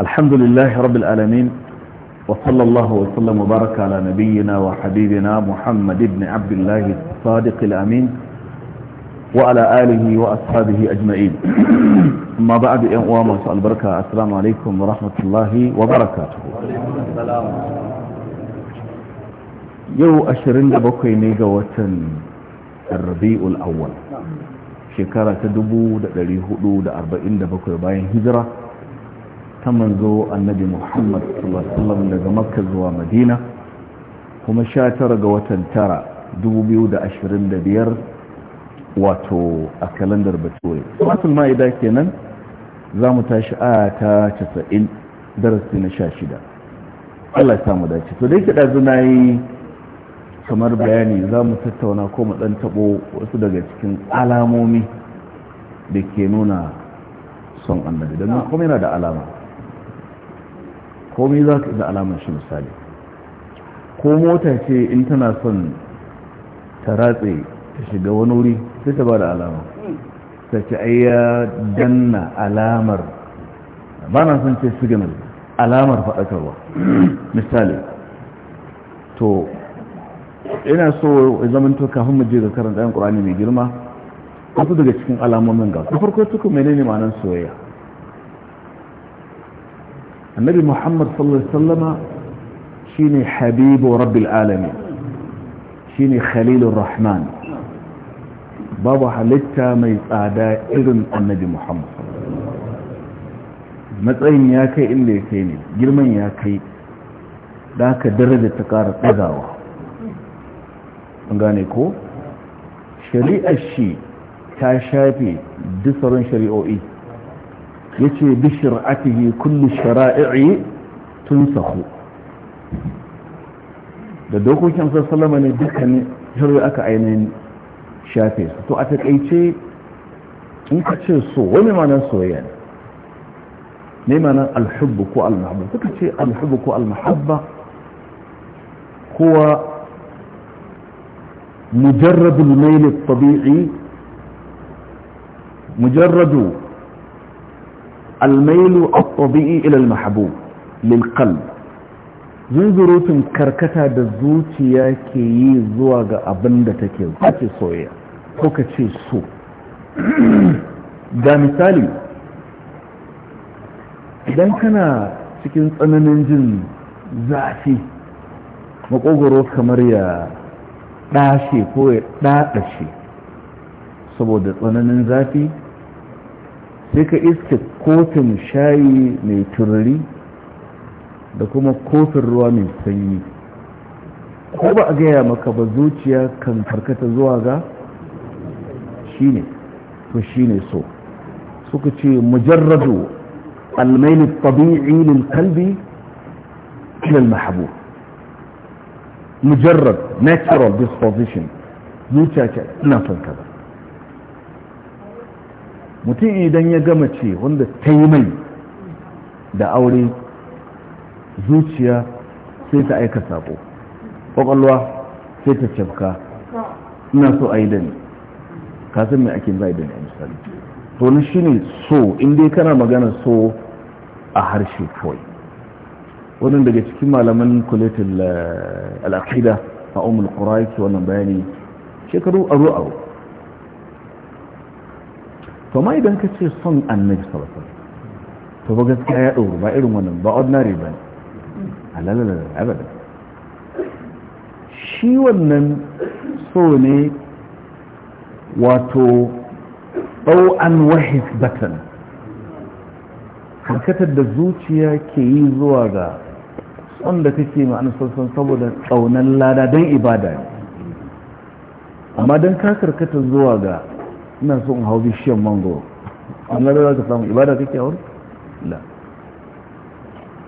الحمد لله رب العالمين وصلى الله وسلم وبارك على نبينا وحبيبنا محمد بن عبد الله الصادق الأمين وعلى آله وأصحابه أجمعين ما بعد أمام البركة السلام عليكم ورحمة الله وبركاته yau الربيع الأول ga watan rabi'ul awwal shekara ta 447 bayan هجره ta manzo annabi muhammad sallallahu daga makka zuwa madina kuma sha tara ga watan tara 2025 wato a kalandar bature masul ma'ida kenan za mu tashi ayata ta 90 darasi na 16 allah ya samu dace to dai kiɗa zuna yi kamar bayani za mu tattauna ko mu ɗan taɓo wasu daga cikin alamomi da ke nuna son annabi don kuma yana da alama komai za ka da alamar shi misali ko mota ce in tana son ta ratse ta shiga wani wuri sai ta ba da alama ta ce ai danna alamar ba na son ce signal alamar faɗakarwa misali to ina so to kafin mu je ga karanta yan ƙurani mai girma wasu daga cikin alamomin ga farko tukun menene ma'anar soyayya annabi muhammad sallallahu alaihi wasallama shine habibu rabbil alamin shine khalilur rahman babu halitta mai tsada irin annabi muhammad matsayin ya kai inda ya kai girman ya kai da aka daraja ta kara tsagawa an gane ko shari'ar shi ta shafe disarin shari'o'i yace bi shir'atihi kullu shara'i'i tunsakhu da dokokin sallama ne dukkan shari'a aka ainihin shafe su to a takaice in ka ce so wani ma'anar soyayya ne ne ma'anar alhubbu ko almahabba suka ce alhubbu ko almahabba kowa mujarrabul mail tabi'i mujarradu almailu at-tabi'i ila al-mahbub lil zunzurutun karkata da zuciya ke yi zuwa ga abin da take kace soyayya ko ka ce so ga misali idan kana cikin tsananin jin zafi makogoro kamar ya ɗashe ko ya ɗaɗashe saboda tsananin zafi sai ka iske kofin shayi mai turri da kuma kofin ruwa mai sanyi ko ba a gaya maka ba zuciya kan farkata zuwa ga shine to shine so suka ce mujarradu almaini tabi'i lil kalbi ilal mahabu mujarrad natural disposition zuciya ce ina son kaza mutum idan ya gama ce wanda ta yi mai da aure zuciya sai ta aika sako ƙwaƙwalwa sai ta cefka, ina so a yi da ni kasan mai ake zai da ni a misali to ni shi ne so inda kana magana so a harshe kawai wannan daga cikin malaman kuletin eh, al'aqida a umar ƙura yake wannan bayani shekaru aro-aro to ma idan ka ce son annabi sallallahu alaihi wasallam to ba gaskiya ya dauro ba irin wannan ba ordinary ba alalala abada shi wannan so ne wato an wahis batan harkatar da zuciya ke yi zuwa ga son da take ma'ana sassan saboda tsaunan lada don ibada ne amma don ka karkata zuwa ga ina so in hau bishiyan mangoro an lalata za ka samu ibada kake a wurin la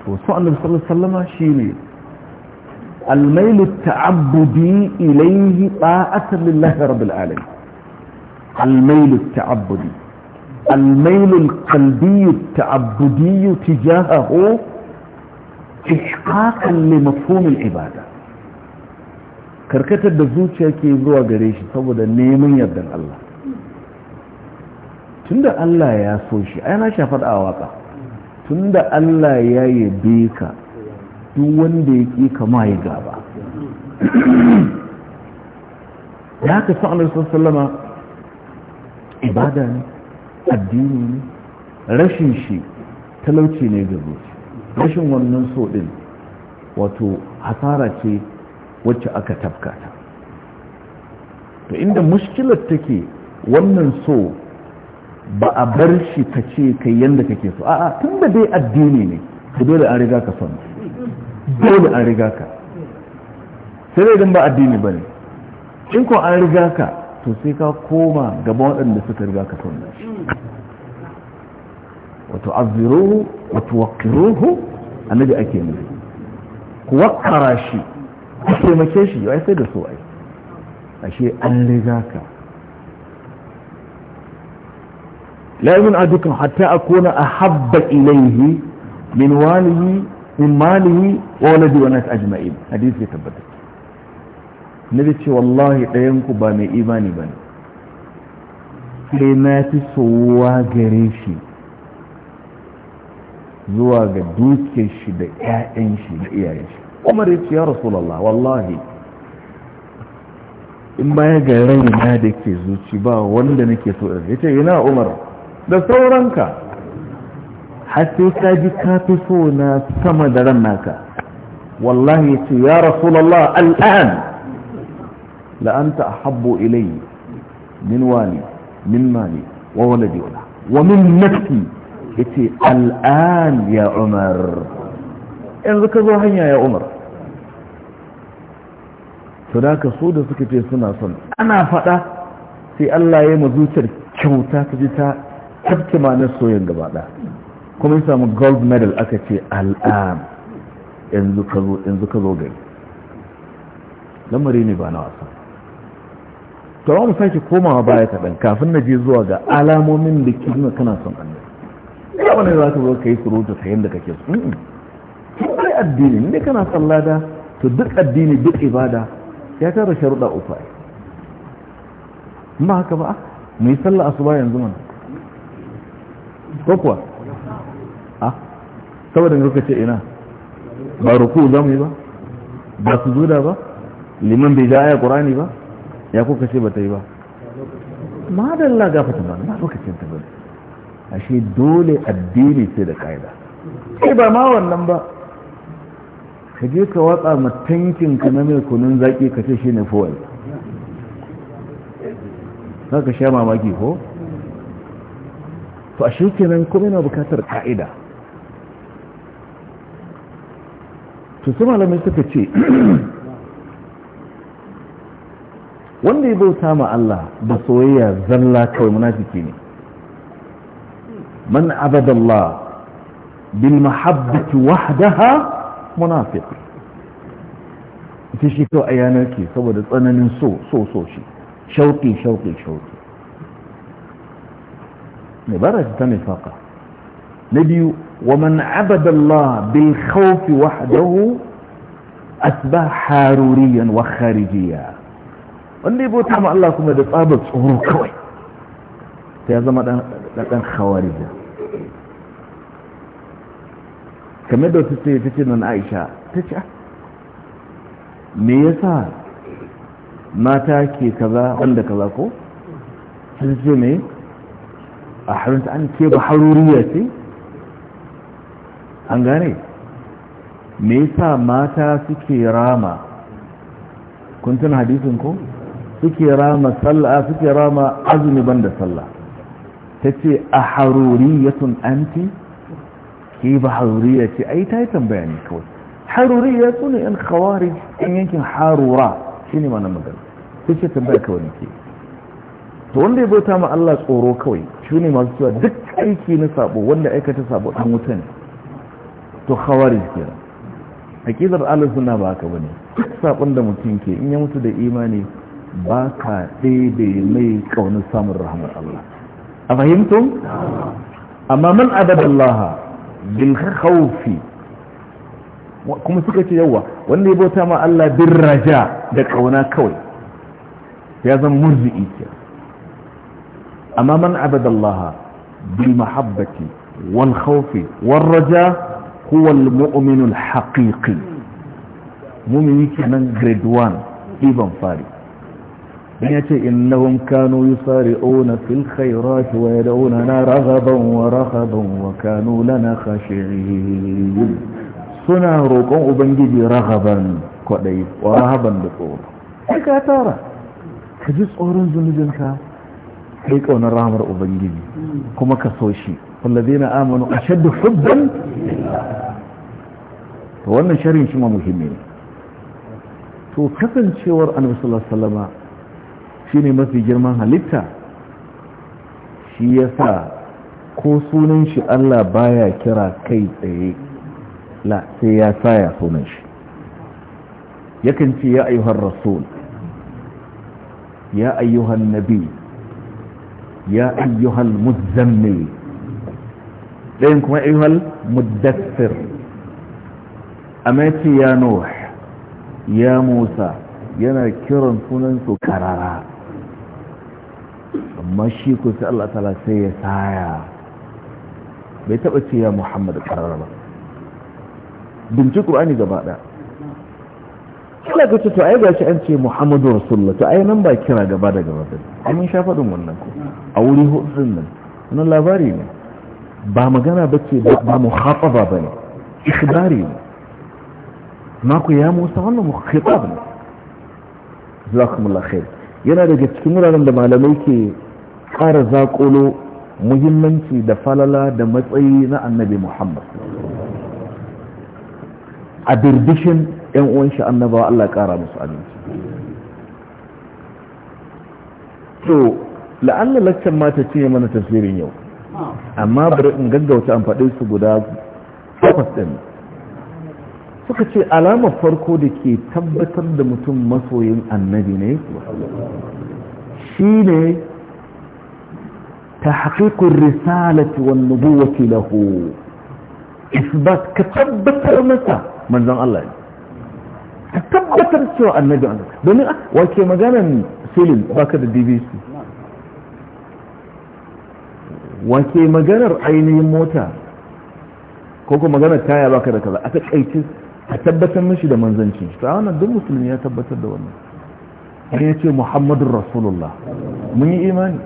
to so annabi sallallahu alaihi wasallama shine الميل التعبدي إليه طاعة لله رب العالمين الميل التعبدي الميل القلبي التعبدي تجاهه إحقاقا لمفهوم العبادة كركت الدزوجة كي gare shi saboda neman يبدن Allah. tunda Allah ya so shi ai na shafar a waka tunda Allah ya yabe ka duk wanda ya ƙi kama ya gaba ya ka sa Allah sallama ibada ne addini ne rashin shi talauci ne ga zuci rashin wannan so din wato hasara ce wacce aka tafka ta to inda mushkilar take wannan so ba a bar shi ka ce kai yanda kake so a'a tun da dai addini ne ku dole an riga ka son dole an riga ka sai dai idan ba addini bane in ko an riga ka to sai ka koma gaba waɗanda suka riga ka son shi wa tu'azziruhu wa tuwaqqiruhu annabi ake nufi ku wakkara shi ku taimake shi ai sai da so ai ashe an riga ka la yu'minu ahadukum hatta akuna ahabba ilaihi min walihi min malihi wa waladi wa nas ajma'in hadisi ya tabbata na ce wallahi ɗayan ku ba mai imani ne sai na fi sowa gare shi zuwa ga dukiyar shi da 'ya'yan shi da iyayen shi umar ya ce ya rasulallah wallahi in baya ga raina da ke zuci ba wanda nake so in ya ce yana umar da sauranka har ka ji ka fi so na sama da ran naka wallahi ce ya rasulallah al'an la'anta a habbo ilai min wani min mali wa wani wala wa min nafi? nafsi ce al'an ya umar yanzu ka zo hanya ya umar to ka so da suka ce suna son ana faɗa sai Allah ya mazuciyar kyauta ta ji ta tafke ma na soyin gaba ɗaya kuma ya samu gold medal aka ce al'am yanzu ka zo yanzu ka zo gari lamari ne ba na wasa to mu sake komawa baya kaɗan kafin na je zuwa ga alamomin da ke nuna kana son annabi ya wani za ka zo ka yi surutu ta yadda kake so kai addini ne kana son lada to duk addini duk ibada ya tara sharuɗa uku ba haka ba mu yi sallah asuba yanzu mana ko kuwa a saboda ne kuka ce ina ba ruku za mu yi ba ba su zuda ba liman bai ja aya qur'ani ba ya kuka ce ba ta yi ba ma da Allah fata ba ma kuka ce ta ba ashe dole addini sai da kaida sai ba ma wannan ba ka je ka watsa ma tankin ka na mai kunun zaki ka ce shine fowai za ka sha mamaki ko to a kenan kuma yana bukatar ka'ida to su malamai suka ce wanda ya bauta ma Allah da soyayya zalla kawai munafiki ne man abadallah bil mahabbati wahdaha munafiq ita shi kawai a yanar saboda tsananin so so so shi shauƙi shauƙi shauƙi ibara ta nifaka na biyu wa man abada Allah bil khawfi wahdahu asba haruriyan wa kharijiya wanda ya ta ma Allah kuma da tsabar tsoro kawai ta ya zama dan khawarija kamar da wata ce ta ce nan Aisha ta ce ah, me yasa mata ke kaza wanda kaza ko sun ce me a harinta an ke ba haruriya ce an gane me yasa mata suke rama kun tuna hadisin ko suke rama sallah suke rama azumi banda sallah tace a sun anti ke ba haruriya ce ai ta yi tambaya ne kawai haruriya su ne yan khawarij yan yankin harura shine mana magana ta ce tambaya kawai ne ke to wanda ya bauta ma Allah tsoro kawai shi ne masu cewa duk aiki na sabo wanda aikata sabo dan wuta ne to khawarij kenan hakikar Allah suna ba haka bane duk sabon da mutum ke in ya mutu da imani ba ka daidai mai kauna samun rahmar Allah a fahimtum amma man abadallaha bil khawfi kuma suka ce yawa wanda ya bauta ma Allah bin raja da kauna kawai ya zama murzi ke amma man abadallaha bil mahabbati wal khawfi wal raja huwa al mu'min al haqiqi mumini kenan grade 1 ibn fari dan yace innahum kanu yusari'una fil khairati wa yad'una raghaban wa rahaban wa kanu lana khashi'in suna roƙon ubangiji rahaban kwaɗayi wa rahaban da tsoro sai ka tara ka ji tsoron zunubinka kai kaunar rahamar ubangiji kuma ka so shi na amanu ashaddu hubban to wannan sharhin shi ma muhimmi ne to kasancewar annabi sallallahu alaihi wasallama shine mafi girman halitta shi yasa ko sunan shi Allah baya kira kai tsaye la sai ya saya sunan shi yakan ce ya ayyuhar rasul ya ayyuhan nabi ya ayyuhal muzammil ɗayan kuma ayyuhal muddassir amma ce ya nuh ya musa yana kiran sunan su karara amma shi ku sai Allah ta'ala sai ya saya bai taɓa ce ya muhammad karara ba binci ƙur'ani gaba ɗaya kila ka ce to ai gashi an ce muhammadu rasulullah to ai nan ba kira gaba da gaba da an sha faɗin wannan ko a wuri hudun nan wani labari ne ba magana ba ce ba mu haɓaba ba ne ikhbari ne naku ya musa wannan mu ba ne jazakumullah khair yana daga cikin wuraren da malamai ke ƙara zaƙolo muhimmanci da falala da matsayi na annabi muhammad a birbishin yan uwan shi annabawa allah ƙara musu aminci to la'alla laccan ma ta cinye mana tasirin yau amma bari in gaggauta an faɗi su guda takwas ɗin suka ce alama farko da ke tabbatar da mutum masoyin annabi ne shi ne ta haƙiƙun risalati wannan buwaci lahu isbat ka tabbatar masa manzan Allah ne ka tabbatar cewa annabi domin wake maganan filin baka da dbc wace maganar ainihin mota ko kuma maganar taya baka da kaza a takaice a tabbatar mishi da manzanci ta wannan duk musulmi ya tabbatar da wannan sai ya ce muhammadun rasulullah mun yi imani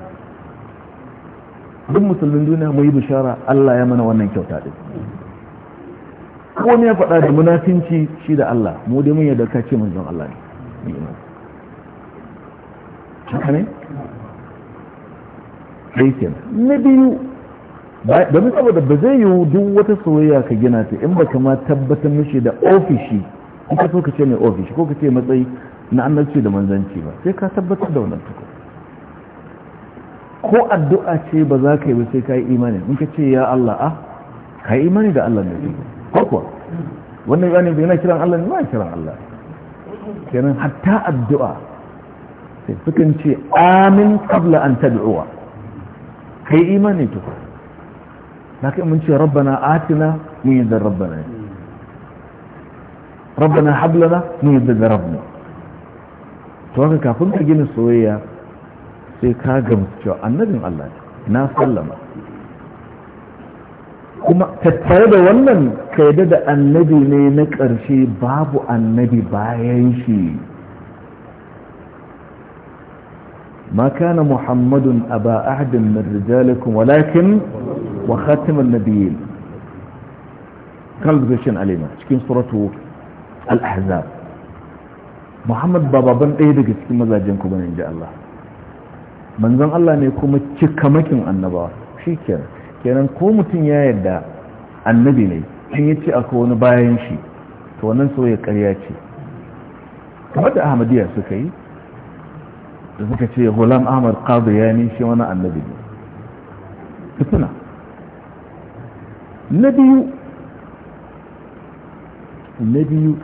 duk musulmin duniya mu yi bishara allah ya mana wannan kyauta din ne ya faɗa da munafinci shi da allah mu dai mun yadda ka ce manzon allah ne haka ne ɗaikin na biyu domin saboda ba zai yiwu duk wata soyayya ka gina ta in baka ma tabbatar mishi da ofishi in ka so ka ce mai ofishi ko ka ce matsayi na annabci da manzanci ba sai ka tabbatar da wannan tukun ko addu'a ce ba za ka yi ba sai ka yi imani in ka ce ya Allah ah ka yi imani da Allah ne ko kuwa wannan yana yana kiran Allah ne ba kiran Allah kenan hatta addu'a sai fukan ce amin qabla an tad'uwa kai imani to na kai mun ce rabbana atina mun yadda rabbana rabbana hablana mun yadda da rabbana to haka kafin ka gina soyayya sai ka gamsu cewa annabin Allah na sallama kuma tattare da wannan kaida da annabi ne na ƙarshe babu annabi bayan shi ما كان محمد أبا أحد من رجالكم ولكن وخاتم النبيين قال كالبزيشن علينا شكين سورة الأحزاب محمد بابا بن إيه دقي سكين مزاجينكم بن إن الله من زن الله نيكم تشكمكم النبا شي كان كان قومتين يا يدا النبي ني in ya ce akwai wani bayan shi to wannan soyayya ƙarya ce kamar da ahmadiyya da suka ce gulam ahmad qadiyani shi wani annabi ne fitina na biyu na biyu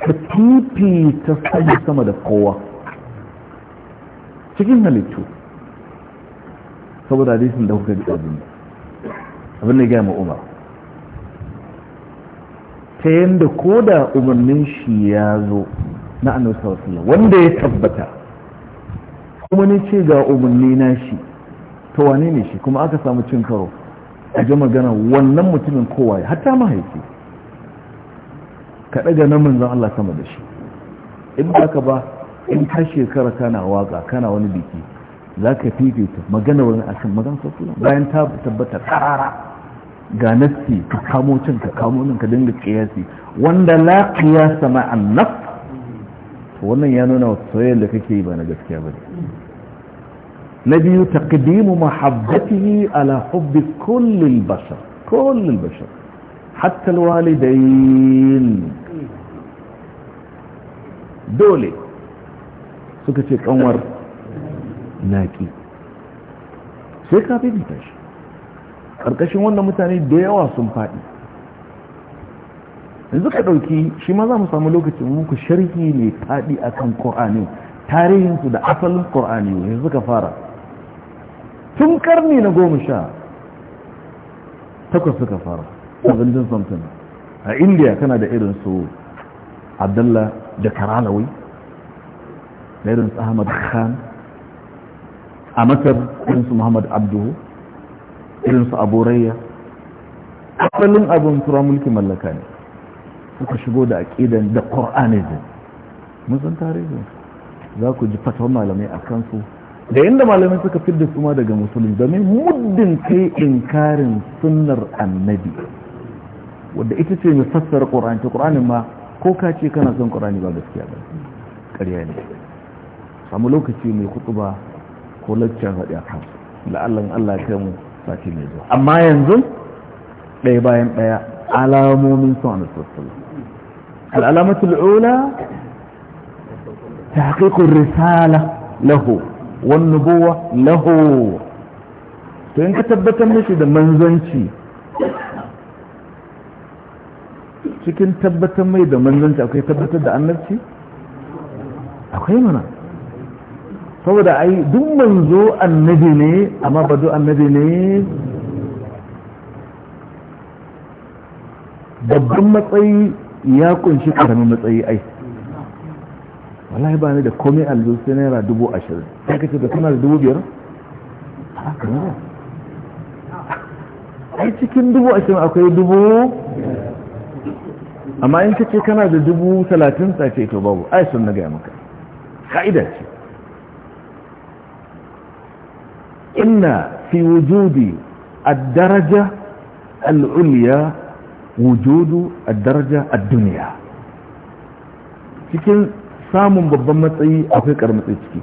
ka fifita sanya sama da kowa cikin halittu saboda hadisin da kuka da abin abin da gaya ma umar ta yadda ko da umarnin shi ya zo na annabi sallallahu alaihi wanda ya tabbata kuma ne ce ga umarni na shi to wane ne shi kuma aka samu cin karo a ji magana wannan mutumin kowa ya hatta mahaifi kaɗa ga namun zan Allah sama da shi in ba ka ba in ka shekara kana waka kana wani biki za ka fifita magana wani akan magana sallallahu bayan ta tabbata karara ga nassi ka kamo cin ka kamo nan ka dinga kiyasi wanda la qiyasa ma'an nafs wannan ya nuna soyayyar da kake yi ba na gaskiya bane na biyu taqdimu mahabbatihi ala hubbi kulli al bashar kulli al-bashar hatta al-walidayn dole suka ce kanwar naki sai ka fi shi karkashin wannan mutane da yawa sun fadi yanzu ka ɗauki shi ma za mu samu lokacin muku sharhi ne faɗi a kan ƙor'ani tarihinsu da asalin ƙor'ani yanzu ka fara tun karni na goma sha takwas suka fara sabandin samtana a indiya kana da irin su abdullah da karalawai da irin su ahmad khan a masar irin su muhammad abdu irin su aburaiya asalin abin turamulki mallaka ne suka shigo da aƙidan da ƙor'anizm mun san tarihi za ku ji fatawar malamai a kansu da inda malamai suka fidda su ma daga musulmi domin muddin kai inkarin sunnar annabi wadda ita ce mai fassara qur'an ta ƙor'anin ma ko ka ce kana son ƙor'ani ba gaskiya ba ƙarya ne samu lokaci mai ba ko lacca faɗi a kansu la'allan allah kai mu sati mai zuwa amma yanzu ɗaya bayan ɗaya alamomin son annabi sallallahu العلامة الأولى تحقيق الرسالة له والنبوة له فإن كتبت مشي ده منزنشي cikin tabbatar mai da manzanci akwai tabbatar da annabci akwai mana saboda ai duk manzo annabi ne amma ba duk annabi ne babban matsayi ya kunshi karamin matsayi ai wallahi ba ni da komai aljo sai naira dubu ashirin sai ka ce da suna da dubu biyar ai cikin dubu ashirin akwai dubu amma in ka ce kana da dubu talatin ta ce to babu ai sun na gaya maka ka'ida ce inna fi wujudi الدرجة العليا wujudu a daraja a duniya cikin samun babban matsayi akwai karmatsi ciki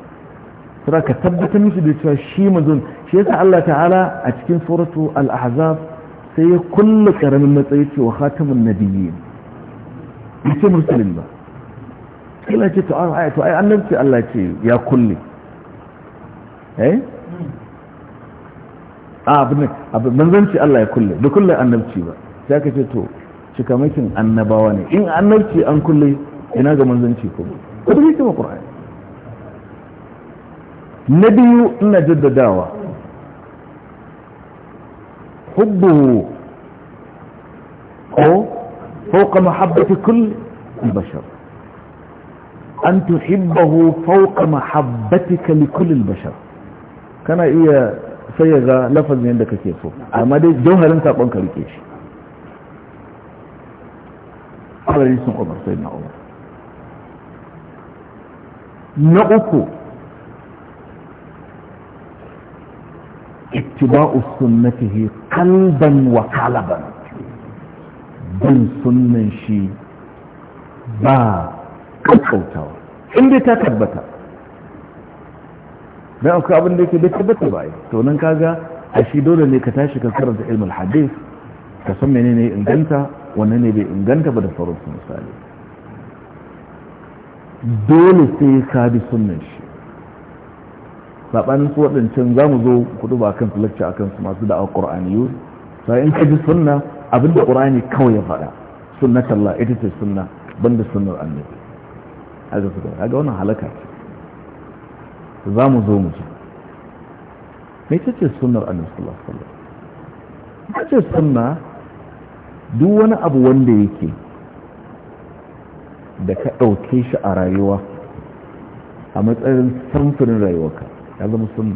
sura ka tabbatar musu da cewa shi mazun shi yasa Allah ta'ala a cikin suratu al-ahzab sai ya kulla karamin matsayi wa khatamun nabiyyin yace musulmin ba kila ce to ai to ai annabi Allah ce ya kulle eh hmm. a ah, abin manzanci Allah ya kulle da kulle annabci ba sai aka ce to cikamakin annabawa ne in annabci an kulle ina ga manzanci ko wata hikima qur'ani na biyu ina jaddadawa hubbuhu ko fawqa mahabbati kull bashar an tuhibbahu fawqa mahabbatika li bashar kana iya sayyaga lafazin da kake so amma dai jawharin sakon ka rike shi hadisin umar sai na umar na uku ittiba'u sunnatihi kalban wa kalaban bin sunnan shi ba kakkautawa inda ta tabbata don akwai abin da yake bai tabbata ba yi to nan kaga a shi dole ne ka tashi ka karanta ilmul hadith ka san menene inganta wanne ne bai inganta ba da farauta misali dole sai ka bi sunan shi saɓanin su waɗancan za mu zo kudu ba kan su lacce akan su masu da'awar ƙura'ani yau sai in ka bi sunna abinda ƙura'ani kawai ya faɗa talla ita ce sunna banda sunnar annabi haka su ga wannan halaka ce za mu zo mu ji me ce sunnar annabi sallallahu alaihi wasallam ce sunna duk wani abu wanda yake da ka ɗauke shi a rayuwa a matsayin samfurin rayuwarka ya zama sunna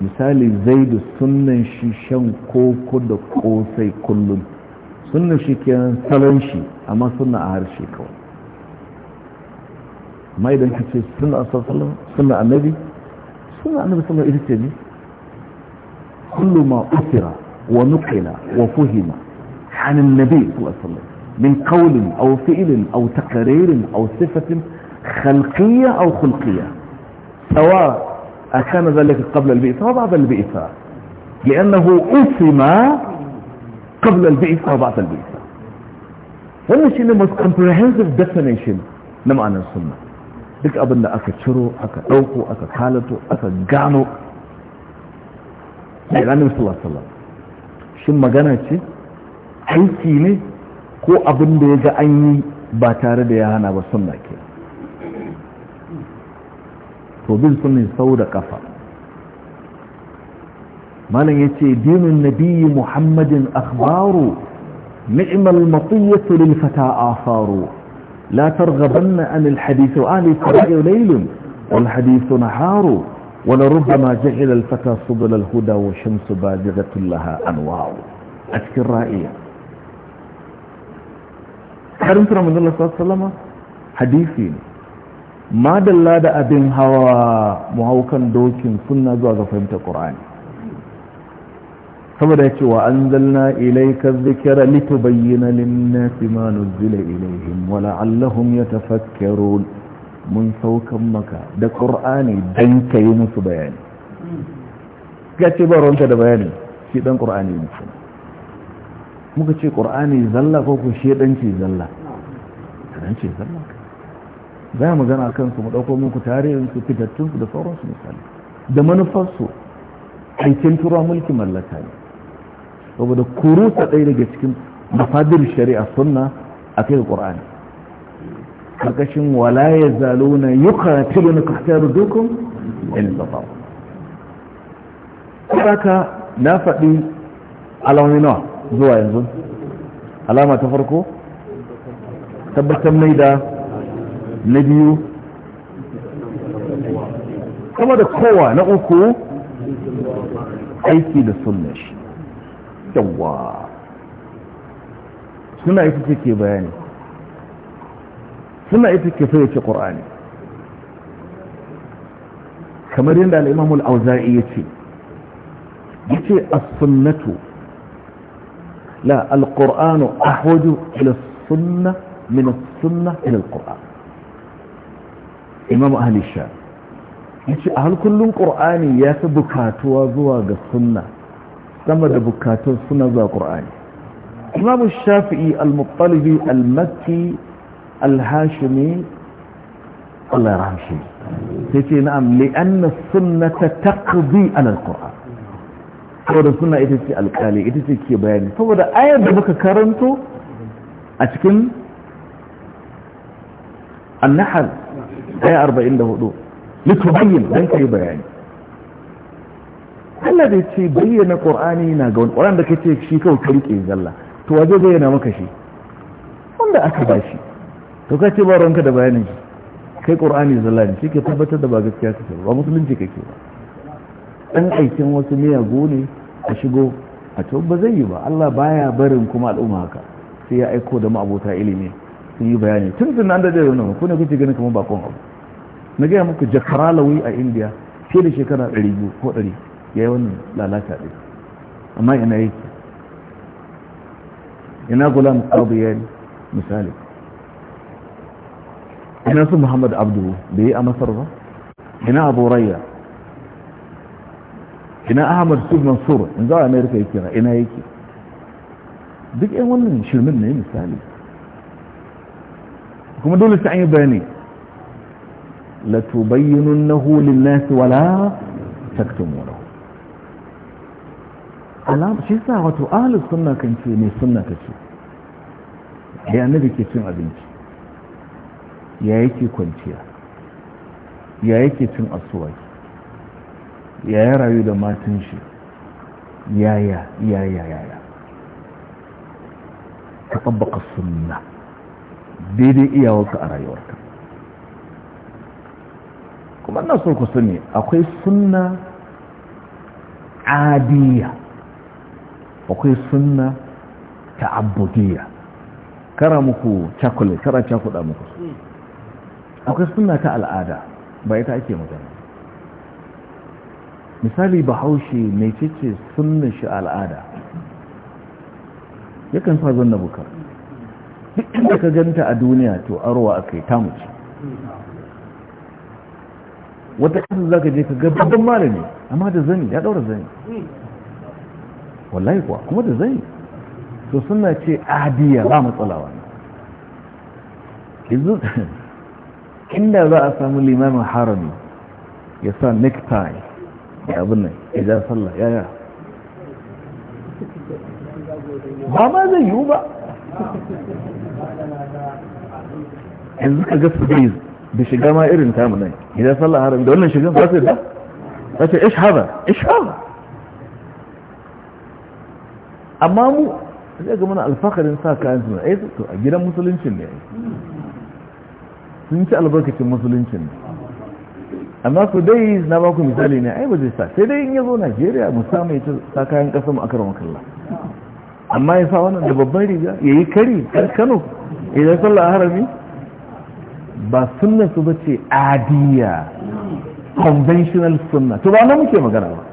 misali da sunnan shi shan koko da kosai kullum sunnan shi kenan salon shi amma sunna a harshe kawai mai idan ka ce sunna a sallallahu sunna annabi sunna annabi sallallahu ita ce ne kullum ma ofira. ونقل وفهم عن النبي صلى الله عليه وسلم من قول أو فعل أو تقرير أو صفة خلقية أو خلقية سواء أكان ذلك قبل البئثة وبعد البئثة لأنه أثم قبل البئثة وبعد البئثة wannan shi ne most comprehensive definition na ma'anar sunna duk abin da aka ciro aka ɗauko aka kalato aka صلى الله عليه وسلم shin magana ce aiki ne ko abin da ya ga an yi ba tare da ya hana ba na ke to bin sunni sau da kafa malam ya ce dinin nabi muhammadin akhbaru ni'mal matiyatu lil fata afaru la targhabanna an al hadith wa al qira'u laylun wal hadith ولربما جعل الفتى سبل الهدى وشمس بادغة لها أنواع أذكر رائية حرم ترى من الله صلى الله عليه وسلم حديثي ما دلا دا أبين هوا مهوكان دوكين سنة زوا فهمت القرآن saboda ya ce wa an zalna ilaika zikira litubayyana lin nasi ma nuzila ilaihim wa la'allahum yatafakkarun mun saukan maka da ƙur'ani don ka yi musu bayani Ya ce ba ruwanka da bayani shi ɗan ƙur'ani musu muka ce ƙur'ani zalla ko ku shi ɗan ce zalla ɗan ce zalla za mu gana kansu mu ɗauko muku tarihinsu fitattunsu da sauransu misali da manufarsu aikin tura mulki mallaka ne saboda kurusa ɗaya daga cikin mafadir shari'a sunna a kai ƙur'ani karkashin wala ya zalo na yi katilu na kaktar dukun ilbabawa ƙaraka na faɗi alamina zuwa yanzu alama ta farko tabbatar mai da na biyu kama da kowa na uku aiki da sunna shi yawa suna ita ke bayani suna ita ya fayyace ƙorani kamar yadda al'imamul auza'i ya ce ya ce a sunnatu la al-ƙoranu ahwaju ila sunna min as-sunna ila al imam ahli sha ya ce a halkullun ƙorani ya fi bukatuwa zuwa ga sunna sama da bukatun suna zuwa ƙur'ani imam shafi'i al-muttalibi al-makki Alhashimi, hashimi Allah ya rahamshi sai ce na'am li'anna sunnata taqdi ala al-qur'an saboda sunna ita ce alƙali ita ce ke bayani saboda ayar da muka karanto a cikin annahar ayar 44 litubayyin dan kai bayani Allah da ce bayyana Qur'ani na ga wani Qur'an da ce shi kawai ka rike zalla to waje bayyana maka shi wanda aka bashi to ka ce ba ranka da bayanin shi kai qur'ani zalla shi ke tabbatar da ba gaskiya kake ba musulunci kake ba dan aikin wasu miya ne a shigo a to ba zai yi ba Allah baya barin kuma al'umma haka sai ya aiko da ma'abota ilimi sun yi bayani tun tun an da dai wannan ku ne kuke ganin kamar bakon abu na gaya muku jakaralawi a india fiye da shekara 200 ko 100 ya yi wannan lalata ɗin amma ina yake ina gulam qadiyan misali هنا اسم محمد عبده بي اما ره هنا ابو ريا هنا احمد سيد منصور ان ذا امريكا يكيرا هنا يكي بيك ايه وانا نشير منه ايه مثالي كما دول السعين باني لتبيننه للناس ولا تكتمونه انا شي ساعة اهل السنة كنتي ني سنة كنتي هي النبي كيسين عبدالنشي ya yake kwanciya ya yake cin asuwaki ya ya rayu da matan shi ya ya ya ya ya ya sunna daidai iyawarka a rayuwarka kuma na so ku sani akwai suna adiya akwai suna ta abubuwa kara muku cakula kara cakuda muku akwai suna ta al'ada ba ita ake magana misali bahaushe mai cece suna shi al'ada yakan sa zan na bukar duk inda ka ganta a duniya to arwa aka yi tamuci wata kasu za ka je ka gabatan malami amma da zani ya ɗaura zani wallahi kuwa kuma da zani to suna ce adiya ba matsalawa ne inda za a samu limamin harami ya sa necktie ya abin nan ya ja sallah ya ya ba ma zai yiwu ba yanzu ka ga su da shiga ma irin tamu nan ya sallah harami, da wannan shigan ba su da ba ce ish haza ish haza amma mu zai ga mana alfakarin sa kayan suna ai eh, to a gidan musuluncin ne sun ci albarkacin musuluncin amma ku dai na ba ku misali ne ai ba zai sa sai dai in yazo zo najeriya musamman ya sa kayan kasa mu akar makalla amma ya sa wannan da babban riga ya yi kari har kano idan sallah harami ba sunna su ba ce adiya conventional sunna to ba na muke magana ba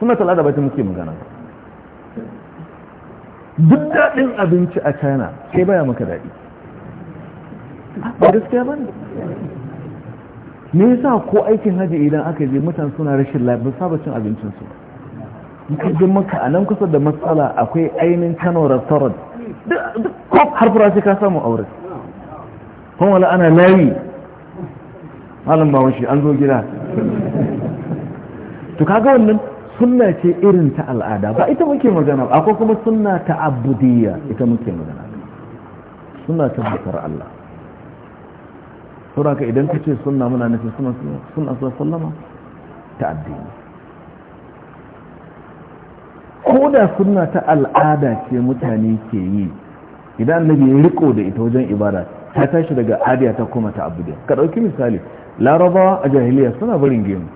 sunna ta ba ta muke magana ba duk daɗin abinci a china sai baya maka daɗi ba gaskiya ba ne me yasa ko aikin hajji idan aka je mutan suna rashin lafiya saba cin abincin su? kajin maka a nan kusa da matsala akwai ainihin kano restaurant duk har farashi ka samu aure kuma wala ana layi malam bawashi an zo gida to kaga wannan sunna ce irin ta al'ada ba ita muke magana akwai kuma sunna ta abudiyya ita muke magana sunna ta bukar Allah Ka idan ka ce suna muna nufin suna suna sallama ta addini ko da suna ta al'ada ce mutane ke yi idan annabi ya riko da ita wajen ibada ta tashi daga adiya ta kuma ta abuja ka ɗauki misali larabawa a jahiliya suna barin gemu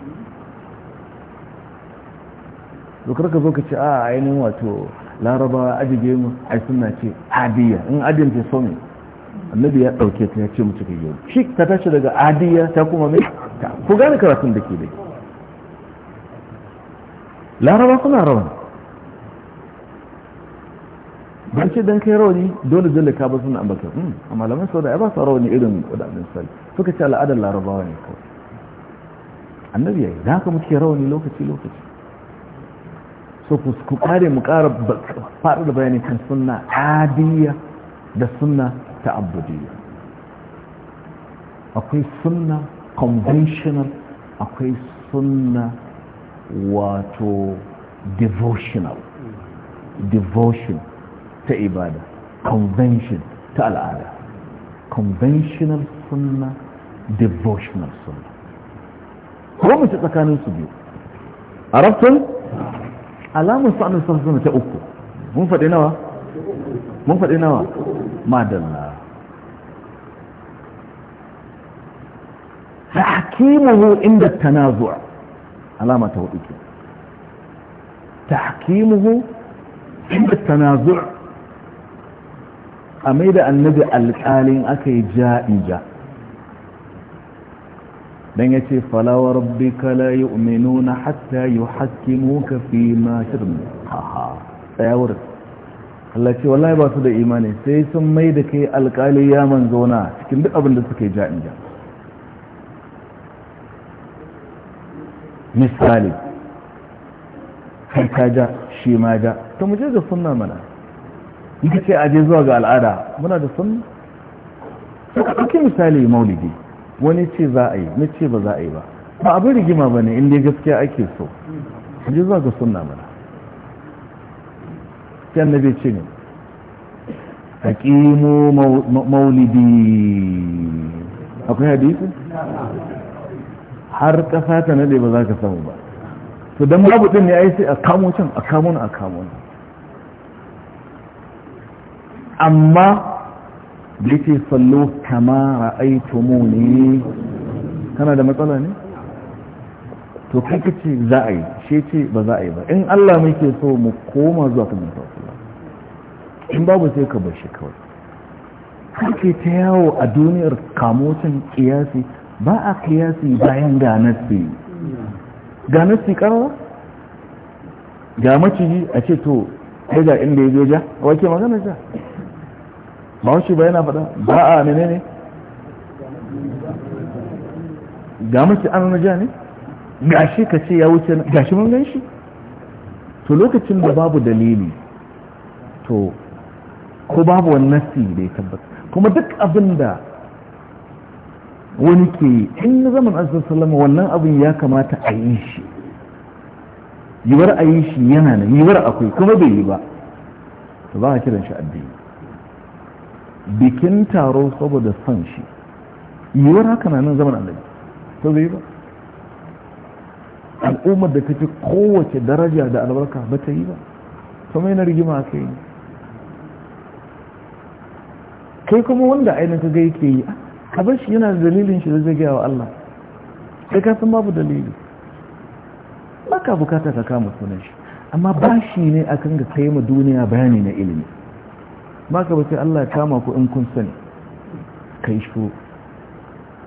dokar ka zo ka ce a ainihin wato larabawa aji gemu ai suna ce adiya in adiyan ce so annabi ya ɗauke ta ya ce mu cika yau shi ta tashi daga adiya ta kuma mai ta ku gane karatun da ke dai laraba kuma rawa ban ce don kai rawani dole dole ka ba suna ambata a malaman sau da ya ba su rawani irin wadannan sali suka ce al'adar larabawa ne kawai annabi ya yi da haka muke rawani lokaci lokaci so ku kare mu kara faɗi da bayani kan suna adiya da suna. ta'abbudiyya akwai sunna conventional akwai sunna wato devotional devotion ta ibada convention ta al'ada conventional sunna devotional sunna ko mace tsakanin su biyu a rafton alamun sa'anin sarfuna ta uku mun faɗi nawa mun faɗi nawa madalla tahkimuhu inda tanazu'a alama ta hudu ke tahkimuhu inda tanazu'a a mai da annabi alƙalin aka yi ja'ija dan ya ce falawa rabbi kala yi umenu na hatta yi hakimu ka fi mashirin haha tsayawar Allah ce wallahi ba su da imani sai sun mai da kai alƙali ya manzona cikin duk abinda suka yi misali kai ka ja shi ma ja to mu je sunna mana in ka ce a je zuwa ga al'ada muna da sunna ka ɗauki misali maulidi wani ce za a yi na ce ba za a yi ba ba abin rigima ba ne inda gaskiya ake so a je zuwa ga sunna mana Yan na ce ne aqimu maulidi akwai hadisi har ƙasa ta nade ba za ka samu ba to don babu ɗin ne ya yi sai a kamo can a kamo a kamo amma da yake sallo kama ra'aitomo ne kana da matsala ne to kai ka ce za a yi shi ce ba za a yi ba in Allah mai ke so mu koma zuwa kan mutu in babu sai ka bar shi kawai kake ta yawo a duniyar kamocin kiyasi ba a kiyasi bayan ga ganasi ga karawa ga maciji a ce to ai ga inda ya zo ja a wake magana ja ba wasu ba yana fada ba a menene ga mace an na ja ne gashi ka ce ya wuce gashi mun gan shi to lokacin da babu dalili to ko babu wani nasi da ya tabbata kuma duk abin da wani ke yi in na zaman an sallama wannan abin ya kamata a yi shi yiwar a yi shi yana nan yiwar akwai kuma bai yi ba to ba a kiran shi addini bikin taro saboda son shi yiwar haka na nan zaman annabi to bai yi ba al'ummar da take kowace daraja da albarka ba ta yi ba to mai na rigima kai kai kuma wanda ainihin ka ga yake yi a ka bar shi yana da dalilin shi da zai gaya wa Allah sai ka san babu dalili ba ka bukata ka kama sunan shi amma ba shi ne akan ga kai ma duniya bayani na ilimi ba ka bace Allah ya kama ku in kun sani kai shi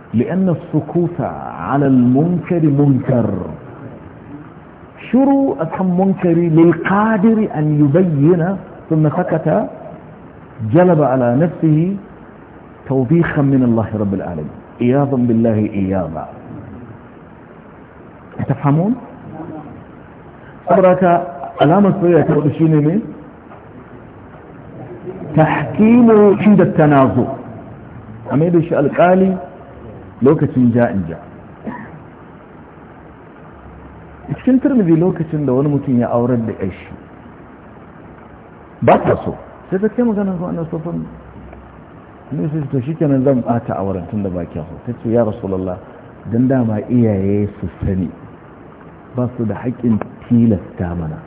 لأن السكوت على المنكر منكر شروع أكم منكر للقادر أن يبين ثم سكت جلب على نفسه توبيخا من الله رب العالمين اياضا بالله اياضا تفهمون صبرك علامة صغيرة تقول من تحكيم عند التنازع اما يدش القالي لو كتن جاء ان جاء ايش كنت ترمذي لو كتن لو نمتن يا اورد لأي شيء باتسو سيدا كم ne sai to shikenan zan bata auren tun da bakin su tace ya rasulullah dan dama iyaye su sani ba su da haƙƙin tilasta mana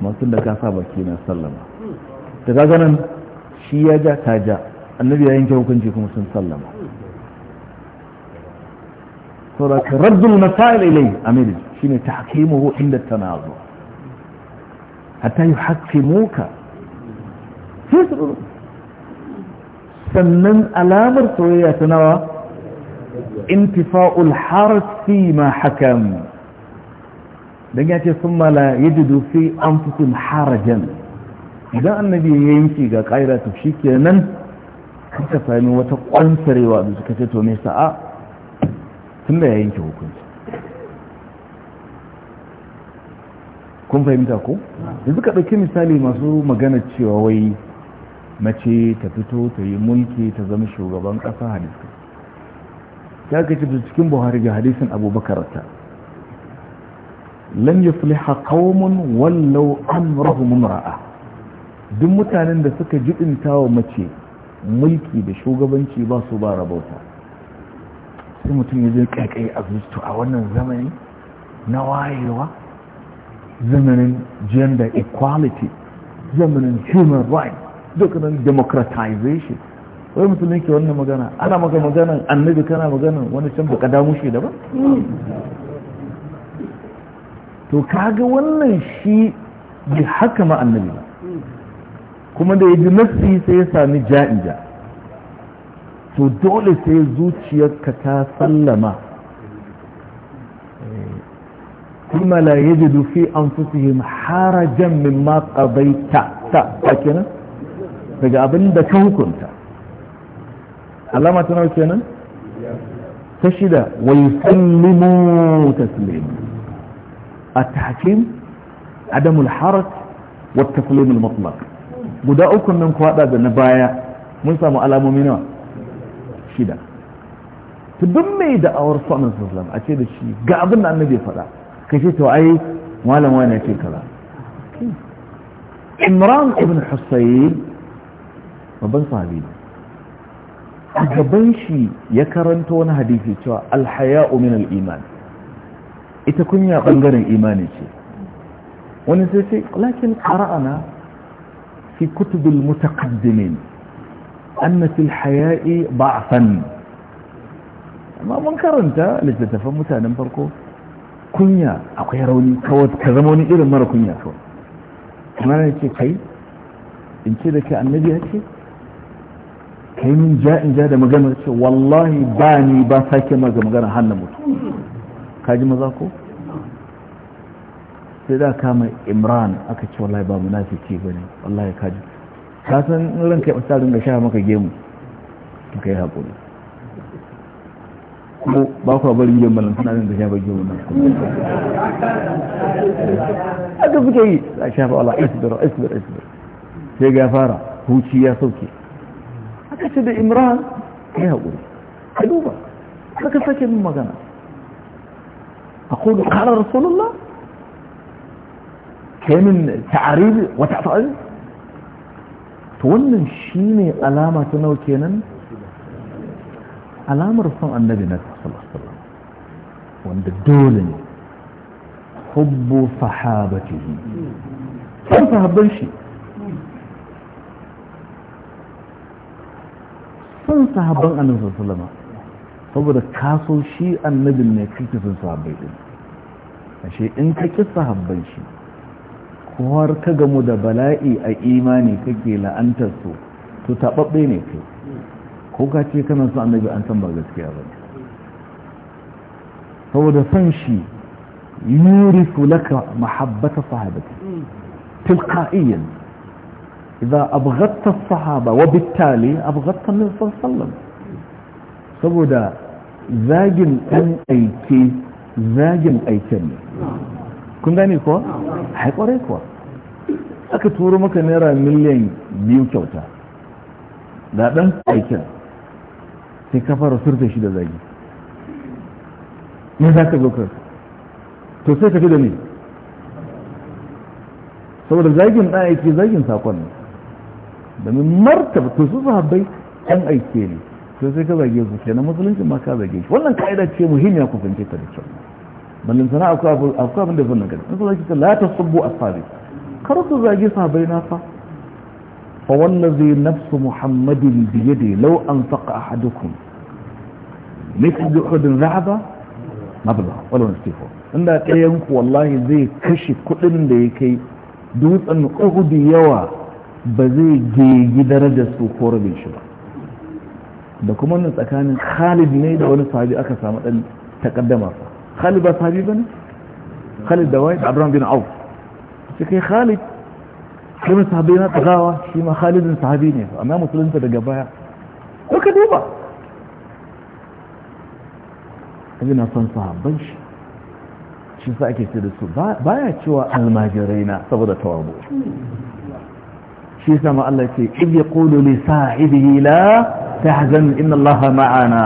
masu da ka sa baki na sallama da kaga ganin shi ya ja ta ja annabi ya yanke hukunci kuma sun sallama saboda na masail ilai ta shine tahkimuhu inda tanazu hatta yuhaqqimuka sai su sannan alamar soyayya ta nawa intifa'ul harfi ma hakam don ya ce sun mala ya jidu fi an fukun harajan idan annabi ya yanki ga ƙa'ira ta shi kenan ka sami wata ƙwansarewa da suka ce to me sa'a tun da ya yanke hukunci kun fahimta ko yanzu ka ɗauki misali masu magana cewa wai mace ta fito ta yi mulki ta zama shugaban ƙasa hadisi ya ce cikin buhari ga hadisin abubakar ta lan yufliha qaumun wallau mun ra'a, duk mutanen da suka jiɗinta wa mace mulki da shugabanci ba su ba rabauta sai mutum ya je kakai a zuciya a wannan zamani na wayewa zamanin gender equality zamanin human rights dukkanin democratization wai musulmi ke wannan magana ana maka magana annabi kana magana wani can baka damu shi ba. to kaga wannan shi bi haka ma annabi ba kuma da ya ji nassi sai ya sami ja'ija to dole sai zuciyarka ta sallama kuma la yajidu fi anfusihim harajan mimma qadaita ta kenan daga abin da ka hukunta alama ta nauke nan ta shida wa yusallimu taslim at-tahkim adamul harak wa at mutlaq guda ukun nan ku da na baya mun samu alamomi nawa shida to duk mai da'awar sunan sallam a ce da shi ga abin da annabi ya faɗa kace to ai malam wani ya ce kaza imran ibn husayn babban sahabi ne a gaban shi ya karanta wani hadisi cewa alhaya uminal al-iman ita kunya bangaren imani ce wani sai ce lakin qara'ana fi kutubil mutaqaddimin anna fil haya'i ba'fan amma mun karanta littattafan mutanen farko kunya akwai rauni kawai ka zama wani irin mara kunya kawai kuma ne ce kai in ce da ke annabi ya ce kai min ja in ja da magana ce wallahi ba ni ba sake maga magana hannun mutu ka ji maza ko sai da kama imran aka ce wallahi ba munafiki ba ne wallahi ka ji ka san ran kai masu ɓasa sha maka gemu to kai haƙuri ko ba ku barin gemu malam suna da sha ba gemu na aka suke yi a shafa wallahi isbir isbir isbir sai ga fara huci ya sauke kace da imran ya haƙuri ka duba kaka sake أقول قال رسول الله كمن تعريب وتعطيل تولن شيني علامة نو كينن علامة رسول النبي صلى الله عليه وسلم وند دولن حب صحابته كيف صحابن شي son sahabban annabi sallama saboda kaso shi annabin ne kake san sahabbai din ashe in ka ki sahabban shi ko ka gamu da bala'i a imani kake la'antar su to tababbe ne kai ko ka ce kana son annabi an san ba gaskiya ba saboda son shi yuri laka mahabbata sahabati mm. tilqa'iyan إذا أبغضت الصحابة وبالتالي أبغضت النبي صلى الله عليه وسلم saboda zagin ɗan aike zagin aiken ne kun gane kuwa? haikwarai kuwa aka turo maka naira miliyan biyu kyauta da ɗan aiken sai ka fara surta shi da zagi ne za ka zokar to sai ka fi da ne saboda zagin ɗan aike zagin sakon domin martaba to su sahabbai an aike ne to sai ka zage su kenan musulunci ma ka zage shi wannan ka'ida ce muhimmiya ku fahimce ta da kyau ballin sana akwai abin da zan gani in su zage ta la ta a ashabi kar su zage sahabbai na fa fa wallazi nafsu muhammadin bi yadi an anfaqa ahadukum mithlu uhudin zahaba mabla wala nasifu inda ɗayan ku wallahi zai kashe kuɗin da ya kai dutsen uhudi yawa ba zai gegi darajar su ko rabin shi ba da kuma wannan tsakanin khalid ne da wani sahabi aka samu dan takaddama fa khalid ba sahabi bane khalid da wai abraham bin auf shi kai khalid kuma sahabi na tsagawa shi ma khalidin sahabi ne amma musulunta daga baya ko ka duba ina son sahabban shi shi sa ake ce da su baya cewa almajirai na saboda tawabu shi sama Allah ce idh yaqulu li sahibihi la tahzan inna Allah ma'ana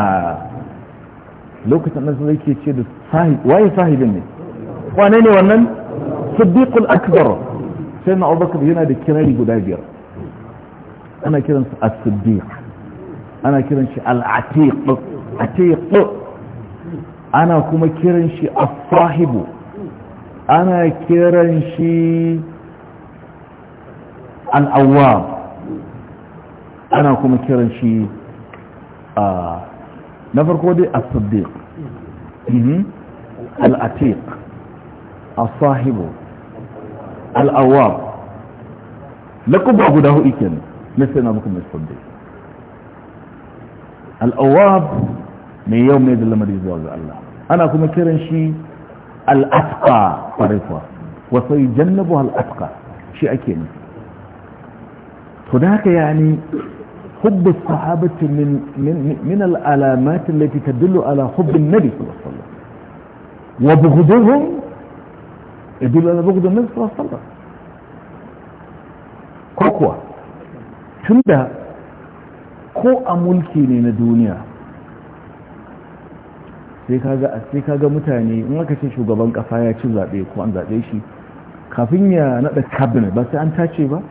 lokacin nan sai yake ce da sahib waye sahibin ne wane ne wannan siddiqul akbar sai na Abubakar yana da kirari guda biyar ana kiransa as-siddiq ana kiran shi al-atiq atiq ana kuma kiran shi as-sahibu ana kiran shi al'awwa ana kuma kiran shi na farko dai as-siddiq mhm. al-atiq as-sahibu al-awwam guda hudu na sai na muku mai siddiq al mai yau mai da lamari zuwa ga Allah ana kuma kiran shi al farifa wasai jannabu al shi ake nufi to da haka yani حب الصحابة من, من, من العلامات التي تدل على حب النبي صلى الله عليه وسلم وبغضهم يدل على بغض النبي صلى الله عليه وسلم ko a mulki ne na duniya sai kaga mutane in aka ce shugaban kasa ya ci zaɓe ko an zaɓe shi kafin ya naɗa cabinet ba sai an tace ba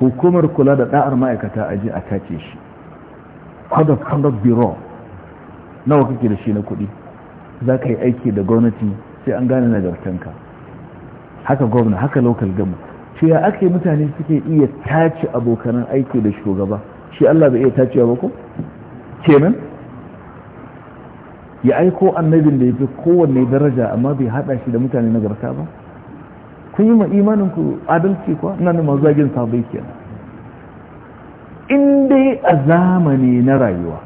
hukumar kula da ɗa'ar ma'aikata a ji a tace shi code of biro nawa kake da shi na kuɗi za ka yi aiki da gwamnati sai an gane nagartanka haka gwamna haka local gama shi ya ake mutane suke iya tace abokanan aiki da shugaba shi Allah bai iya tace ba ko kenan ya aiko annabin da ya fi kowanne daraja amma bai haɗa shi da mutane nagarta ba kun yi ma imanin ku adalci kuwa nan ma zagin sabai kenan in dai a zamani na rayuwa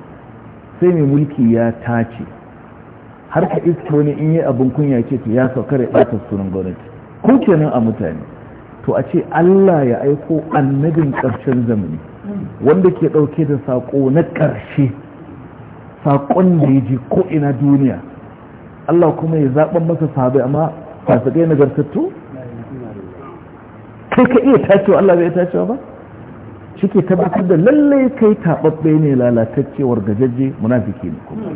sai mai mulki ya tace har ka iska wani in yi abin kunya ce to ya sauka ya ɓata sunan gwamnati ko kenan a mutane to a ce Allah ya aiko annabin ƙarshen zamani wanda ke ɗauke da saƙo na ƙarshe saƙon da ya ji ko ina duniya Allah kuma ya zaɓan masa sabai amma na gartattu. kai ka iya tacewa Allah bai tacewa ba shi ke tabbatar da lallai kai taɓaɓɓe ne lalataccewar gajaje, munafiki ne kuma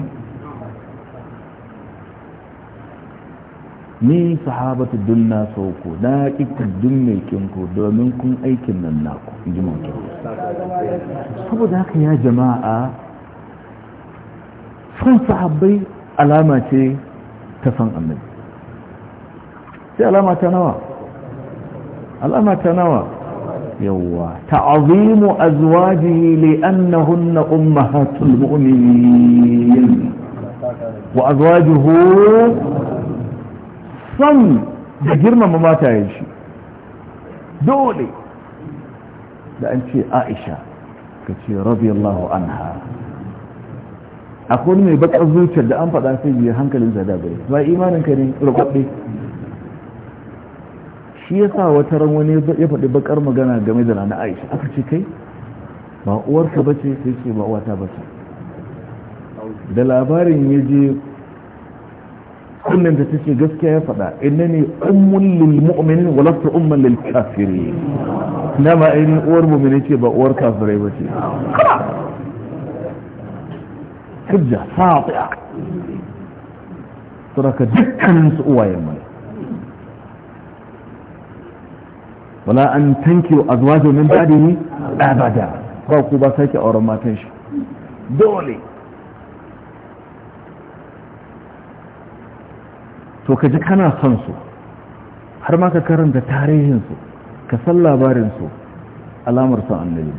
ni sahabatu dunna sauko na ƙiƙa dun mai kinku domin kun aikin nan naku in ji mawutar saboda haka ya jama'a son sahabbai alama ce ta san annabi sai alama ta nawa al'ama ta nawa yawwa ta'azimu azwajihi li'annahunna ummahatul mu'minin wa azwajuhu san da girmama matayen shi dole da an ce aisha ka ce radiyallahu anha akwai mai bakar zuciyar da an faɗa sai biyu hankalin zada bai ba imanin ka ne rukwaɗe shi yasa wata ran wani ya faɗi bakar magana game da nana aisha aka ce kai ba uwarka ba ce sai ce ba uwata ba ce da labarin ya je kullum ta ce gaskiya ya faɗa inna ne ummun lil mu'min walasta umman lil kafiri na ma ainihin uwar mu'mini ce ba uwar kafirai ba ce hujja fatiha saboda dukkanin su uwayen mai wala an tanki wa azwajo min ne? abada ba ku ba sake auren matan shi dole to ka ji kana son su har ma ka karanta tarihin su ka san labarin su alamar san annabi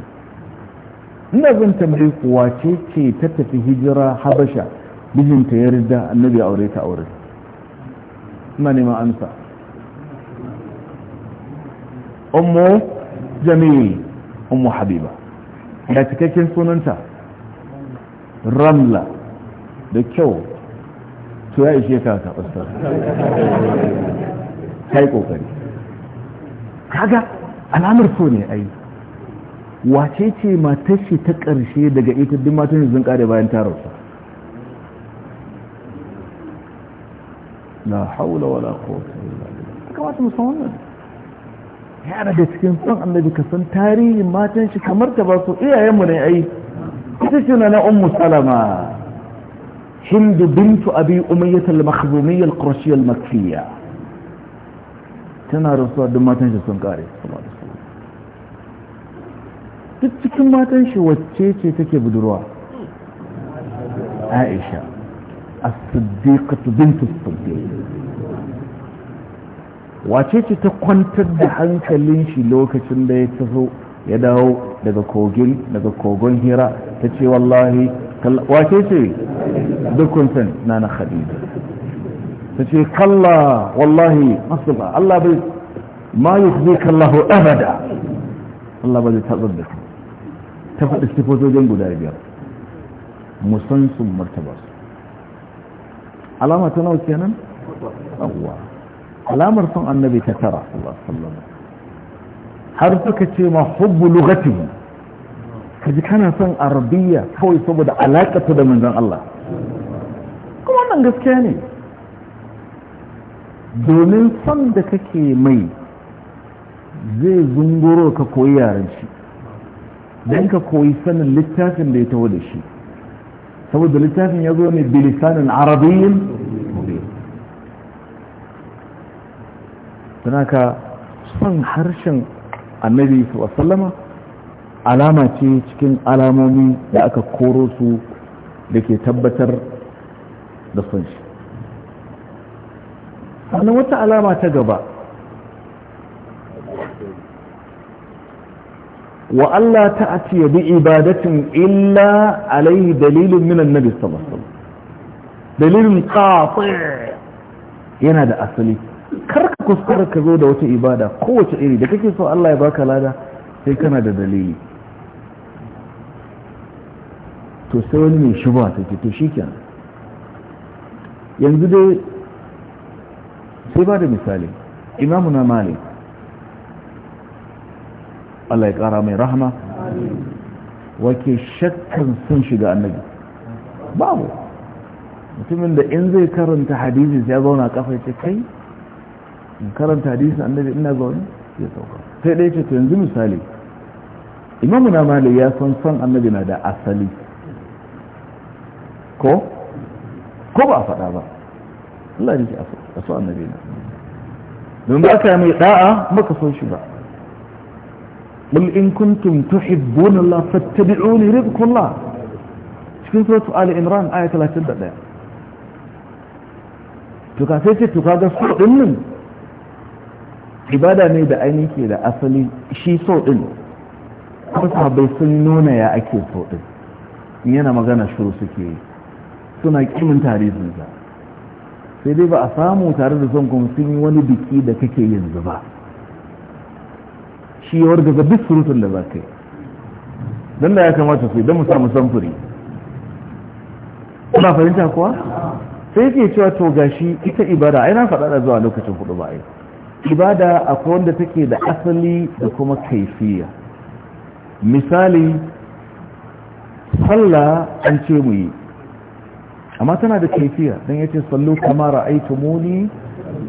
ina zan tambayi ku wace ce ta tafi hijira habasha mijinta ya annabi aure ta aure ina neman amsa ummu jamil ummu habiba da cikakken sunanta ramla da kyau to ya ishe ka ka ustaz kai kokari kaga alamar so ne ai wace ce matar shi ta karshe daga ita duk matan sun kare bayan tarawa la haula wala quwwata illa billah kamata musamman Yana da cikin son annabi ka san tarihin matan shi kamar ta ba su iyayenmu ne ai ita ce na ummu mus'alama. hindu bintu abi umayyah al-makhzumiyya al-qurashiyya al-makkiyya tana rasuwa duk matan shi sun kare duk cikin matan shi wacce ce take budurwa aisha as-siddiqatu bintu as-siddiq wace ce ta kwantar da hankalin shi lokacin da ya taso ya dawo daga kogin daga kogon hira ta ce wallahi wace ce dukkan san na na khadija ta ce kalla wallahi masufa Allah bai ma yi zai kallahu abada Allah bai ta tatsar da su ta faɗi sifofin guda biyar musan sun martaba su alama ta nawa kenan? Allah alamar son annabi ta tara har suka ce ma hubbu lugatihi ka ji kana son arabiya kawai saboda alaƙata da manzon Allah kuma wannan gaskiya ne domin son da kake mai zai zunguro ka koyi yaren shi don ka koyi sanin littafin da ya taho da shi saboda littafin ya zo ne bilisanin arabiyin. don haka son harshen annabi sallama alama ce cikin alamomi da aka koro su da ke tabbatar da son shi sannan wata alama ta gaba wa Allah ta atiya bi ibadatin illa alaihi dalilin minan nabi sallallahu alaihi dalilin qati yana da asali karka kuskura ka zo da wata ibada kowace iri da kake so Allah ya baka lada sai kana da dalili to sai wani mai shuba ke to shikenan yanzu dai sai ba da misali imamu na malik Allah ya kara mai rahama wake shakkan sun shiga annabi babu mutumin da in zai karanta hadisi ya zauna kafa ce kai in karanta hadisin annabi ina zaune ya sauka sai dai ce to yanzu misali imamu na mali ya san san annabi na da asali ko ko ba a faɗa ba Allah ya ce a so annabi na don ba ka mai da'a maka so shi ba قل إن كنتم تحبون الله فاتبعوني ربك الله cikin suratu ali imran aya 31 to ka sai ce kaga su ibada ne da ainihi ke da asali shi so din kuma sahabbai sun nuna ya ake so din yana magana shuru suke suna kimin tare sai dai ba a samu tare da son kuma sun yi wani biki da kake yanzu ba shi ya wargaza zabi surutun da za ka yi don da ya kamata su don mu samu samfuri kuna fahimta kuwa sai ke cewa to gashi ita ibada ai na faɗaɗa zuwa lokacin kuɗu ba yi ibada akwai wanda take da asali da kuma kaifiya misali sallah an ce mu yi amma tana da kaifiya don ya ce sallu kama ra'aitu muni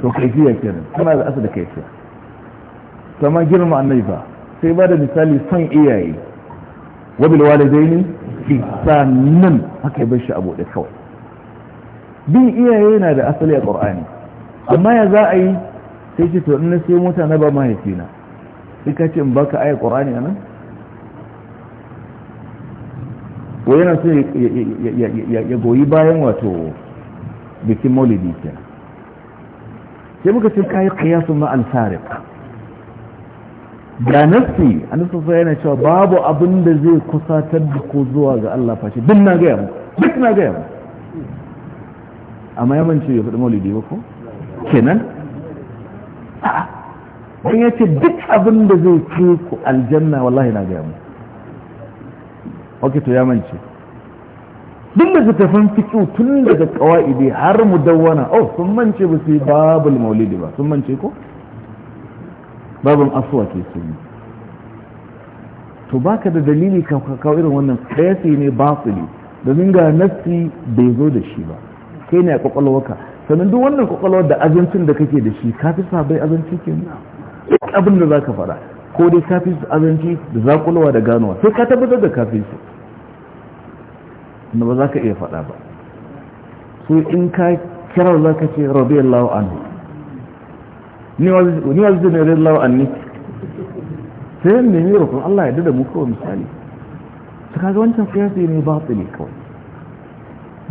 to kaifiya kenan tana da asali da kaifiya sama girma annai ba sai ba da misali son iyaye wabil walidaini ihsanan haka yi bashi abu da kawai bin iyaye yana da asali a ƙur'ani, amma ya za a yi sai ce to in na sai mota na ba mahaifina sai ka ce in baka aya a nan? wai yana sai ya goyi bayan wato bikin maulidi ke sai muka ce kayi kiyasun ma ga nasi da nasu sai yana cewa babu abin da zai kusatar da ku zuwa ga Allah fashi duk na gaya mu duk na gaya mu amma yaman ce ya faɗi maulidi ba ko kenan don ya ce duk abin da zai ce ku aljanna wallahi na gaya mu ok to ya mance duk da tafin fito tun daga kawa'idi har mu dawwana oh sun mance ba su yi babul maulidi ba sun mance ko babul asuwa ke sun to baka da dalili ka kawo irin wannan kayasi ne basili domin ga nassi bai zo da shi ba kai ne a kwakwalwaka sannan duk wannan kwakwalwar da azancin da kake da shi ka fi sabai azanci ke nuna duk abin da za ka fara ko dai kafin su aminci da kulawa da ganowa sai ka tabbatar da kafin su ba za ka iya faɗa ba so in ka kira za ka ce rabi Allah anhu ni wazi ne rabi Allah anhu sai yin nemi rukun Allah ya dada mu kawai misali su kaga wancan siyasi ne ba ne kawai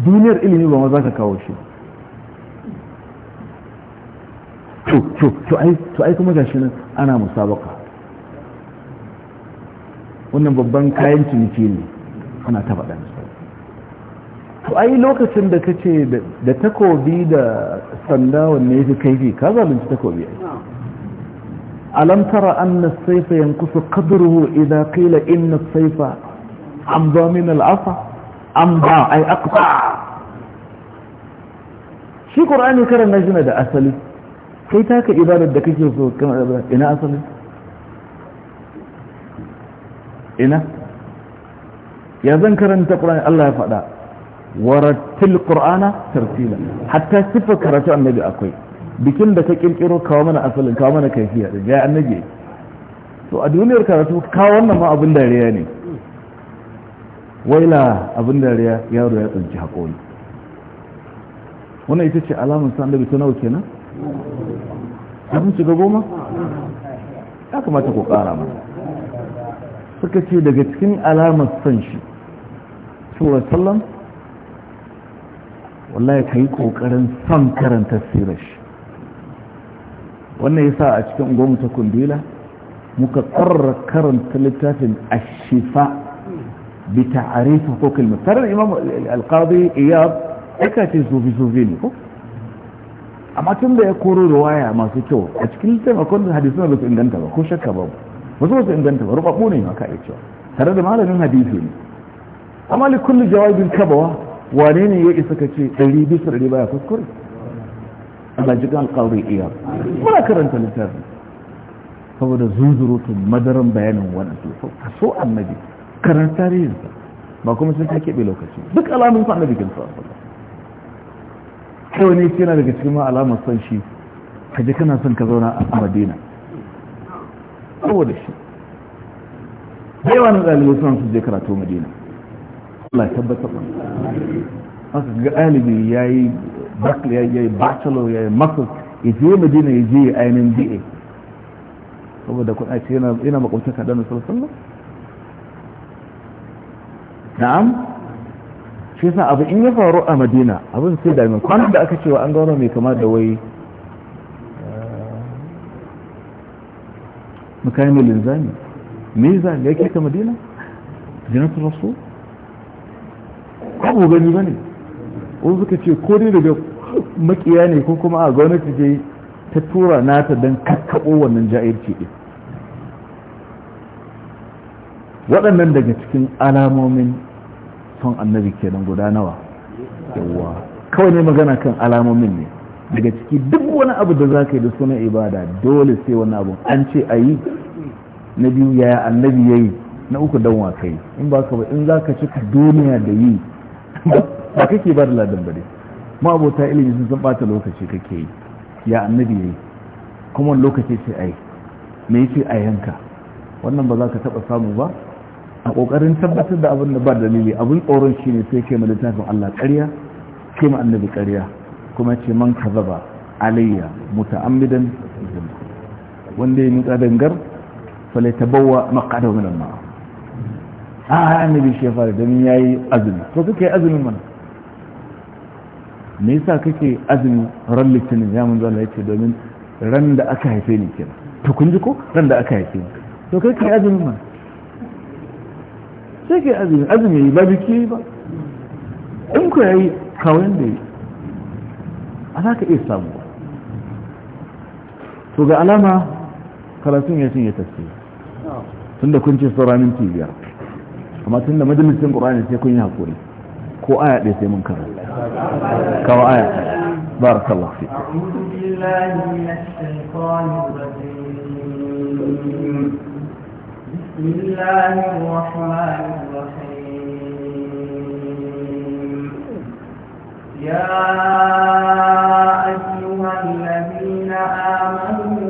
duniyar ilimi ba ma za ka kawo shi to to to ai to ai kuma gashi nan ana musabaka wannan babban kayan ciniki ne ana ta faɗa to ai lokacin da kace da takobi da sanda wanne yafi kaifi ka zalunci takobi ai alam tara anna as-sayfa yanqusu qadruhu idha qila inna as-sayfa amda min al-afa amda ay aqta shi qur'ani karan najma da asali kai ka ibadar da kake so ina asali ina ya zan karanta ƙur'ani Allah ya faɗa warattil ƙur'ana tartila hatta siffar karatu annabi akwai bikin da ka kirkiro kawo mana asalin kawo mana kaifiya da ga annabi to a duniyar karatu kawo wannan ma abin dariya ne waila abin dariya yaro ya tsinci haƙoli wannan ita ce alamun sa annabi ta nawa kenan sun shiga goma ya kamata ku ƙara mana suka ce daga cikin alamar son shi suwar sallam wallahi ka yi ƙoƙarin son karanta sirar shi wannan yasa a cikin goma ta kundila muka ƙarra karanta littafin ashifa bi ta'arifa ko kalmar tarar imam al-qadi iyab ce sufi sufi ne ko amma tun da ya koro ruwaya masu kyau a cikin littafin akwai wanda hadisi na su inganta ba ko shakka ba wasu ba su inganta ba rubabu ne maka ya cewa tare da malamin hadisi ne amma li kulli jawabin kabawa wane ne ya isa ka ce ɗari bisa ɗari baya kuskure Allah ji alƙawarin alƙawari iya muna karanta littafin saboda zuzurutun madaran bayanin wannan su so annabi karanta tarihinsa ba kuma sun ta keɓe lokaci duk alamun sa annabi kin sa kai wani yana daga cikin ma alamar son shi ka kana son ka zauna a madina da shi da yawa na ɗalibai suna su je karatu madina Allah ya tabbatar ba masu ga ɗalibi ya yi ya yi bachelor ya yi master ya je madina ya je ainihin ba saboda kuna ce yana makwabta kaɗan da sallallahu na'am shi yasa abu in ya faru a madina abin sai da kwanan da aka cewa an gano mai kama da wai eh, makamin linzami me zami ya ke ta madina jinatu rasu abu gani ba ne wani suka ce ko dai daga makiya ne ko kuma a gwamnati je ta tura nata don kakkaɓo wannan ja'irci ɗin waɗannan daga cikin alamomin son annabi kenan guda nawa yawa kawai ne magana kan alamomin ne daga ciki duk wani abu da za ka yi da sunan ibada dole sai wani abu an ce a yi na biyu yaya annabi ya yi na uku dan wa yi. in ba ka ba in za ka cika duniya da yi ba kake ba da ladan bare ma abota ilimi sun san bata lokaci kake yi ya annabi ya yi kuma lokaci sai a yi me yake a yanka wannan ba za ka taba samu ba a kokarin tabbatar da abin da ba dalili abin tsoron shi ne sai ke ma littafin Allah ƙarya ke ma annabi ƙarya kuma ce man kazaba alayya muta'ammidan wanda ya nuka dangar fale tabawa maqada min an-nar a annabi shi ya fara ya yi azumi to kake azumin mana me yasa kake azumi ran litinin ya mun zalla yace domin ran da aka haife ni kenan to kun ji ko ran da aka haife ni to kake azumin mana sai ka azumi azumi ba biki ba in ku yayi kawai da yi a za ka iya samu ba to ga alama karatun ya cinye tafsiri tun da kun ce saura minti biyar amma tun da majalisin ƙur'ani sai kun yi haƙuri ko aya ɗaya sai mun kara kawo aya barakallahu fi أعوذ بالله من الشيطان الرجيم بسم الله الرحمن الرحيم يا أيها الذين آمنوا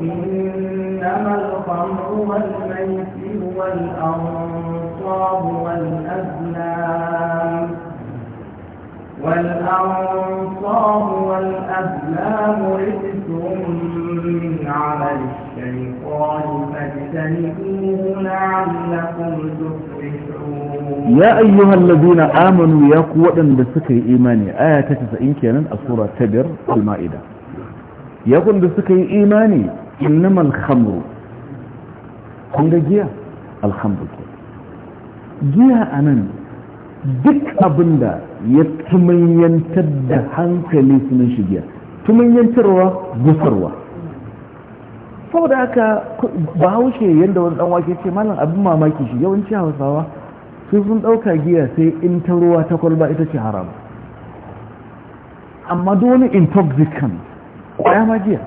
إنما الخمر والميسر والأنصاب والأزلام والأنصاب والأزلام رجس من عمل فاجتنبوه لعلكم تفلحون يا أيها الذين آمنوا يا قوة بسكر إيماني آية تسعين كانت السورة تبر المائدة يا قوة بسكر إيماني إنما الخمر kun ga giya alhamdulillah giya a nan duk abinda ya tumanyantar da hankali sunan shi giya tumanyantarwa gusarwa saboda haka ba haushe yadda wani dan wake ce malam abin mamaki shi yawanci hausawa sai sun ɗauka giya sai in ta ruwa ta kwalba ita ce haram amma duk wani intoxicant kwaya ma giya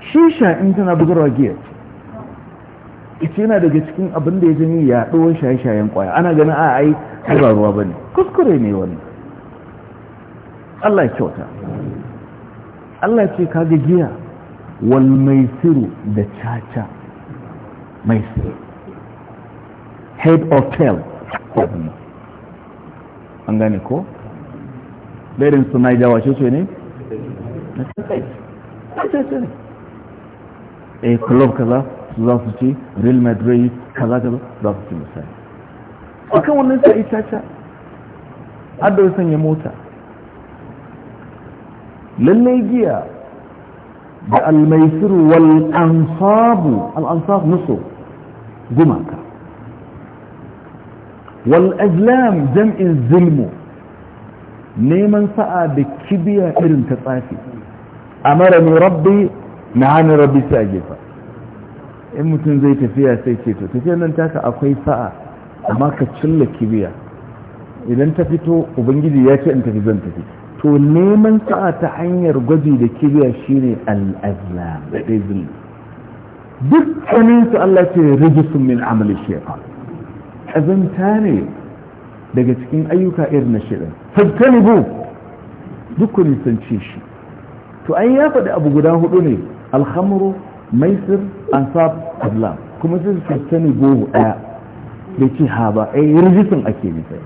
shisha in tana bugarwa giya ce ita yana daga cikin abin da ya jini yaɗuwar shaye-shayen kwaya ana ganin a ai ba ruwa ba ne kuskure ne wani Allah ya kyauta Allah ce kaga giya wal maisiru da caca maisiru head or tail an gane ko berin su naija wace su ne? a eh, club kaza za su ci real madrid kaza kaza za su ci misali kan wannan sa'i caca adda sanya mota lallai giya da almaisir wal ansabu al ansab gumaka wal azlam jam'in zilmu neman sa'a da kibiya irin ta tsafi amara ni rabbi na hannun rabbi sai a gefa in mutum zai tafiya sai ce to tafiya nan taka akwai sa'a amma ka cilla kibiya idan ta fito ubangiji ya ce in tafi zan tafi to neman sa'a ta hanyar gwaji da kibiya shine al-azlam dukkanin su Allah ce rijisun min amali shekar azanta ne daga cikin ayyuka irin na shaytan fadkanibu dukkanin sun ce shi to an ya faɗi abu guda hudu ne alhamru maisir ansab azlam kuma sun fadkanibu ɗaya da ce ha ba ai rijisun ake nufi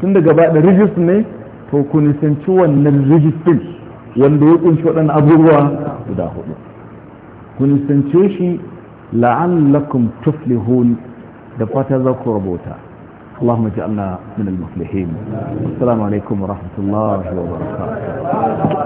tun daga ba da rijisun ne to ku nisanci wannan rijistin wanda ya kunshi waɗannan abubuwa guda hudu ku nisance shi la'allakum tuflihun da fata za ku rabota اللهم اجعلنا من المفلحين السلام عليكم ورحمة الله وبركاته